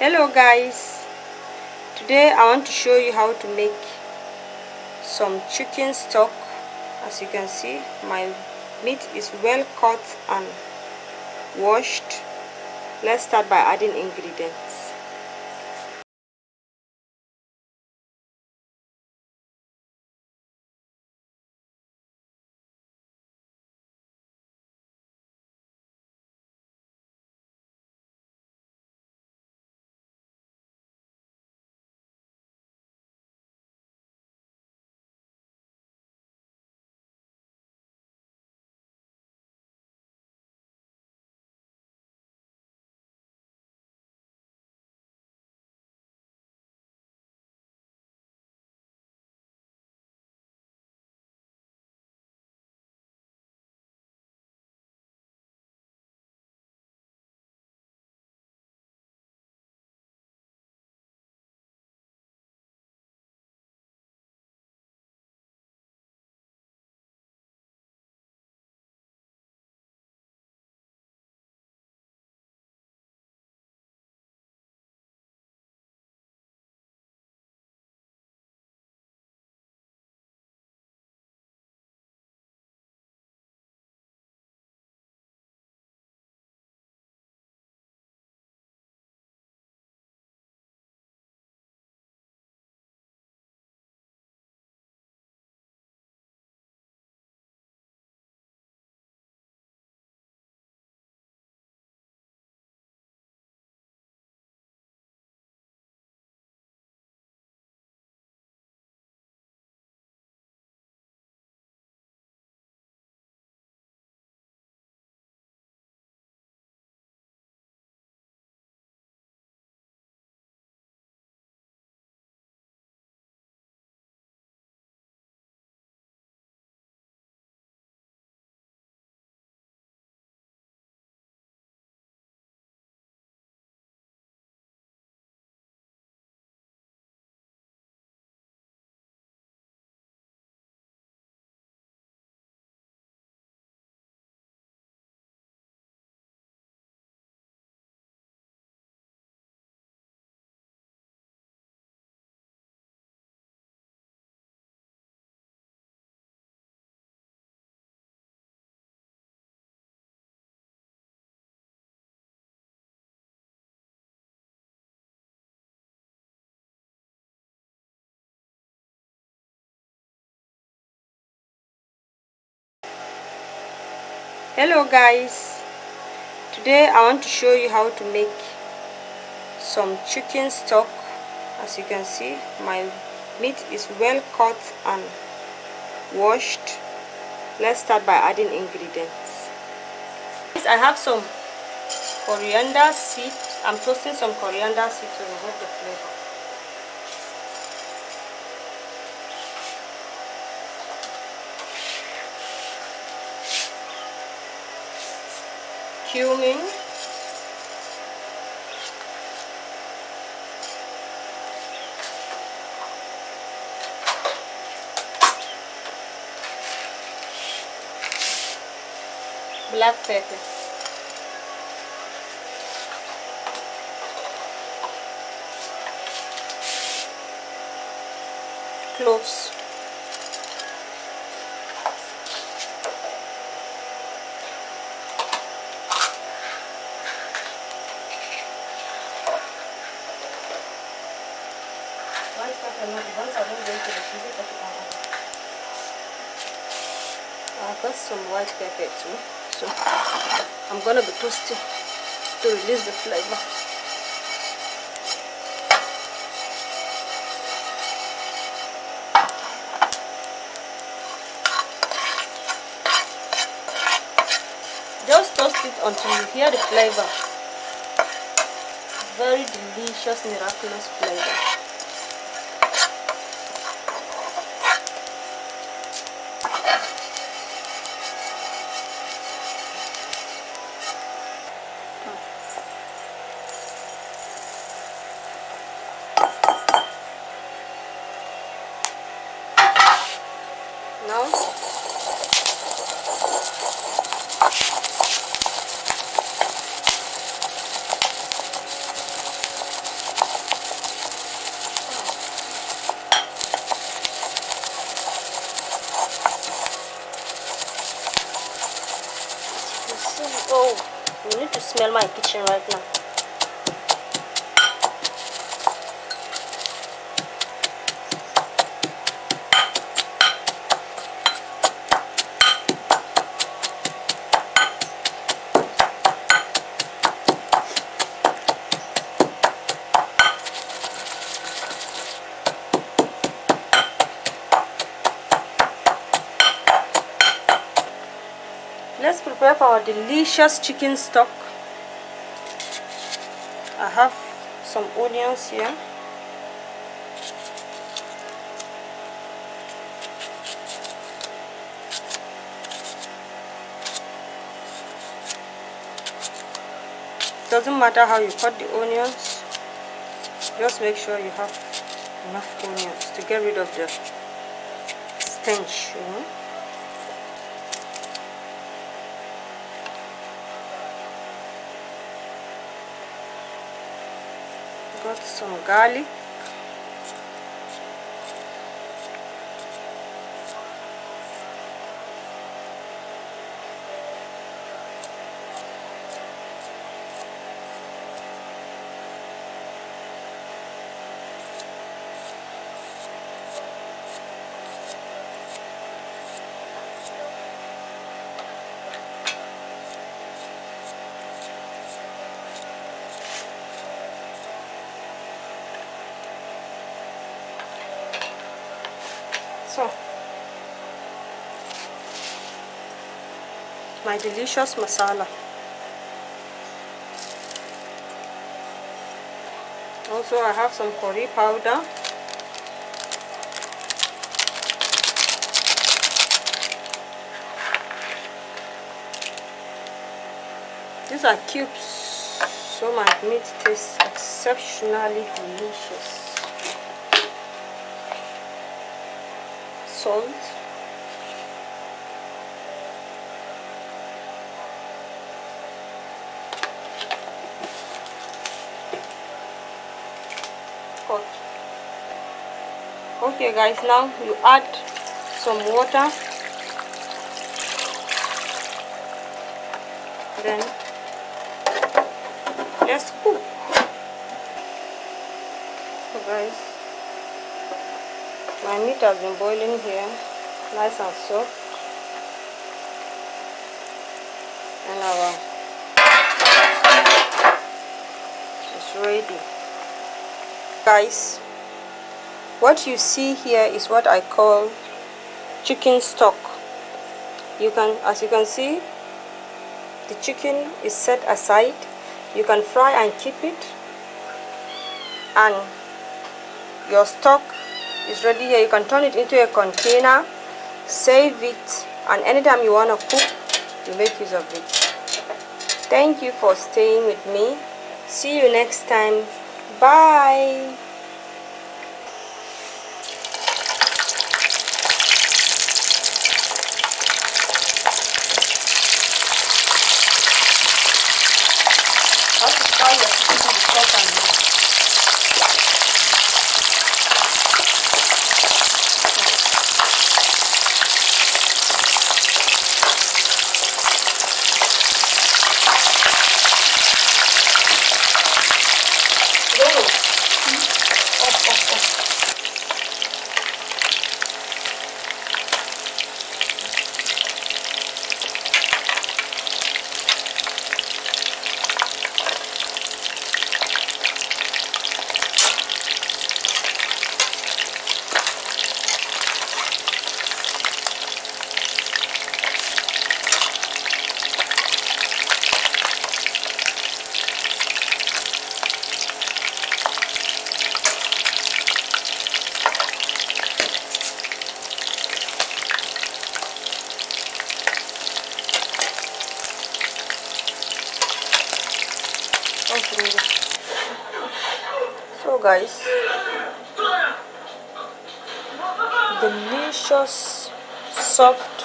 hello guys today I want to show you how to make some chicken stock as you can see my meat is well cut and washed let's start by adding ingredients hello guys today I want to show you how to make some chicken stock as you can see my meat is well cut and washed let's start by adding ingredients I have some coriander seeds. I'm toasting some coriander seeds to remove the flavor cumin black pepper cloves got some white pepper too. So I'm gonna be toasting to release the flavor. Just toast it until you hear the flavor. Very delicious, miraculous flavor. now. Oh, you need to smell my kitchen right now. delicious chicken stock I have some onions here doesn't matter how you cut the onions just make sure you have enough onions to get rid of the stench you know? quanto Galí. my delicious masala also I have some curry powder these are cubes so my meat tastes exceptionally delicious salt okay guys now you add some water then let's cook so guys my meat has been boiling here nice and soft and our it's ready guys what you see here is what I call chicken stock you can as you can see the chicken is set aside you can fry and keep it and your stock is ready here you can turn it into a container save it and anytime you want to cook you make use of it thank you for staying with me see you next time bye guys delicious soft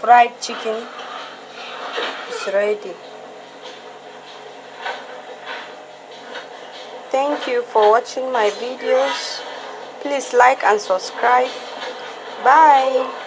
fried chicken is ready thank you for watching my videos please like and subscribe bye